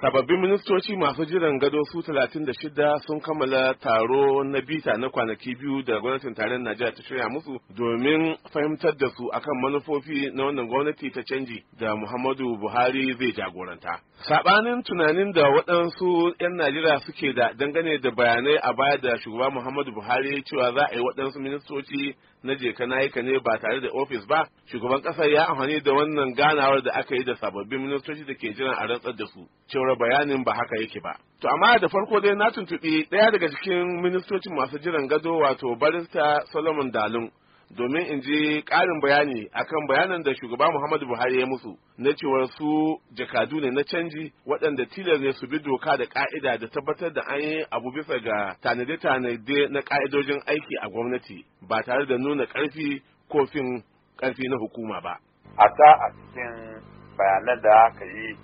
sababbin ministoci masu jiran gado su 36 sun kammala taro na bita na kwanaki biyu da gwamnatin tarayyar najeriya ta shirya musu domin fahimtar da su akan manufofi na wannan gwamnati ta canji da muhammadu buhari zai jagoranta sabanin tunanin da waɗansu 'yan najeriya suke da dangane da bayanai a baya da shugaba muhammadu buhari cewa za a yi waɗansu ministoci na je ka nayi ka ne ba tare da ofis ba shugaban ƙasar ya amfani da wannan ganawar da aka yi da sababbin ministoci da ke jiran a rantsar da su cewar bayanin ba haka yake ba to amma da farko dai na tuntuɓi ɗaya daga cikin ministocin masu jiran gado wato barista solomon dalun domin in ji ƙarin bayani akan bayanan da shugaba Muhammadu Buhari ya musu na cewar su jakadu ne na canji waɗanda tilas ne su bi doka da ƙa'ida da tabbatar da an yi abu bisa ga tanade-tanade na ƙa'idojin aiki a gwamnati ba tare da nuna ƙarfi ko fin ƙarfi na hukuma ba. A ta a cikin bayanan da aka yi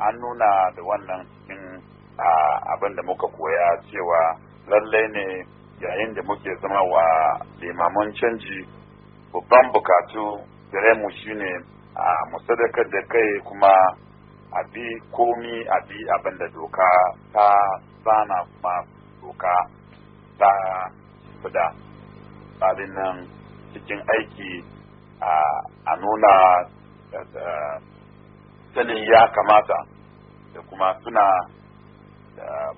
an nuna da wannan cikin ah, abin da muka koya cewa lallai ne yayin da muke zama wa limaman canji babban bukatu gare mu shine a musadakar da kai kuma a bi komi a bi abin da doka ta sana kuma doka ta fida tsarin nan cikin aiki a nuna sanin ya kamata da kuma suna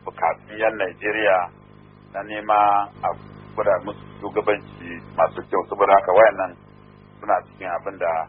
bukatun yan Najeriya na nema a gwada musu shugabanci masu kyau saboda haka wayannan suna cikin abin da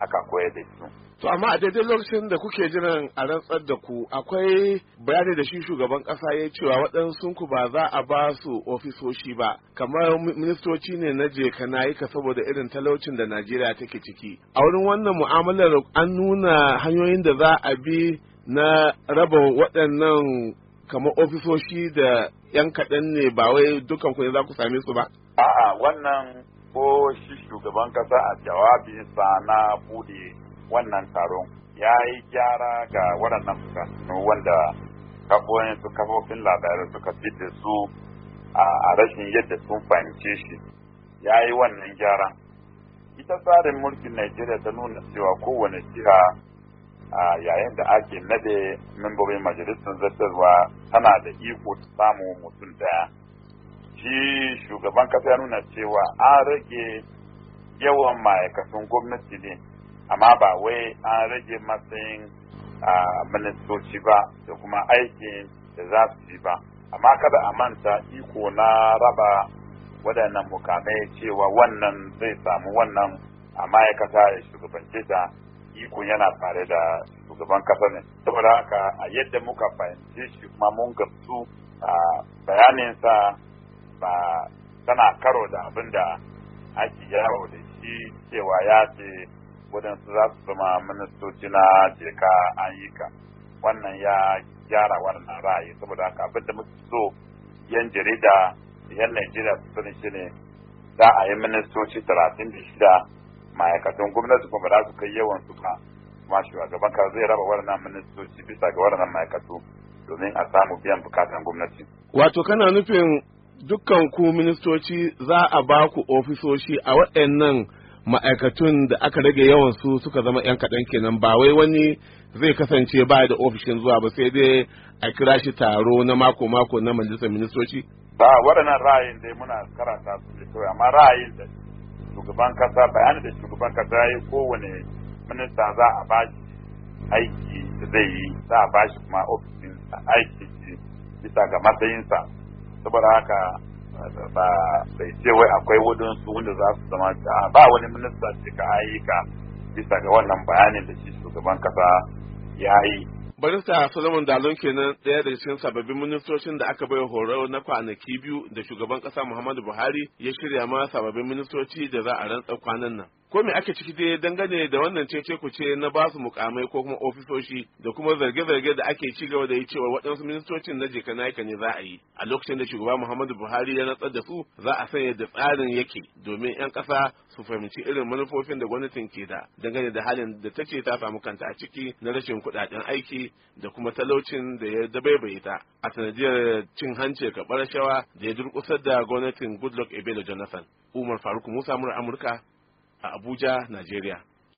aka koya da su. To amma a daidai lokacin da kuke jiran a rantsar da ku akwai bayani da shi shugaban kasa ya cewa waɗansu ku ba za a ba su ofisoshi ba kamar ministoci ne na je ka na ka saboda irin talaucin da Najeriya take ciki. A wurin wannan mu'amalar an nuna hanyoyin da za a bi na raba waɗannan kamar ofisoshi da yan kaɗan ne ba wai dukan ku ne za ku same su ba? A'a wannan ko shi shugaban kasa a jawabinsa na buɗe wannan taron ya yi gyara ga waɗannan fitantunu wanda kafofin su kafofin labarai suka fi da su a rashin yadda sun fahimce shi ya yi wannan gyara. Ita tsarin mulkin Najeriya ta nuna cewa kowane jiha a yayin da ake nade membobin majalisar zartarwa tana da iko ta samu mutum daya shi shugaban kasa ya nuna cewa an rage yawan ma'aikatan gwamnati ne amma ba wai an rage matsayin ministoci ba da kuma aikin da za su yi ba amma kada a manta iko na raba waɗannan mukamai cewa wannan zai samu wannan a ma'aikata ya shugabance ta iko yana tare da shugaban kasa ne saboda haka a yadda muka fahimci shi kuma mun gamsu a bayaninsa ba tana karo da abin da ake yawo da shi cewa ya ce waɗansu za su zama ministoci na jeka an yi ka wannan ya gyara wannan ra'ayi saboda haka abin da muke so yan jarida yan najeriya su sani ne za a yi ministoci talatin da shida ma'aikatan gwamnati kuma za su kai yawan su ba kuma shugaban ka zai raba waɗannan ministoci bisa ga waɗannan ma'aikatu domin a samu biyan bukatan gwamnati. Wato kana nufin dukkan ku ministoci za a ba ku ofisoshi a waɗannan ma'aikatun da aka rage yawan su suka zama 'yan kaɗan kenan ba wai wani zai kasance ba da ofishin zuwa ba sai dai a kira shi taro na mako-mako na majalisar ministoci? Ba waɗannan ra'ayin dai muna karanta su kawai amma ra'ayin da shugaban kasa bayanin da shugaban kasa ya yi kowane minista za a shi aiki da zai yi za a shi kuma ofisin aiki bisa ga matsayinsa saboda haka ba bai ce wai akwai wadansu wanda za su zama ba wani minista ka ayyuka bisa ga wannan bayanin da shi shugaban kasa ya yi barista solomon dalon kenan ɗaya daga cikin sababbin ministocin da aka bai horo na kwanaki biyu da shugaban ƙasa muhammadu buhari ya shirya ma sababbin ministoci da za a rantsa kwanan nan ko me ake ciki dai dangane da wannan cece ku ce na ba su mukamai ko kuma ofisoshi da kuma zarge-zarge da ake ci gaba da yi cewa waɗansu ministocin na jeka naka ne za a yi a lokacin da shugaba Muhammadu Buhari ya natsar da su za a sanya da tsarin yake domin 'yan ƙasa su fahimci irin manufofin da gwamnatin ke da dangane da halin da ta ce ta samu kanta a ciki na rashin kuɗaɗen aiki da kuma talaucin da ya dabaibaye ta a sanadiyar cin hanci ga shawa da ya durƙusar da gwamnatin Goodluck Ebele Jonathan. Umar Faruk Musa Amurka a Abuja, Najeriya.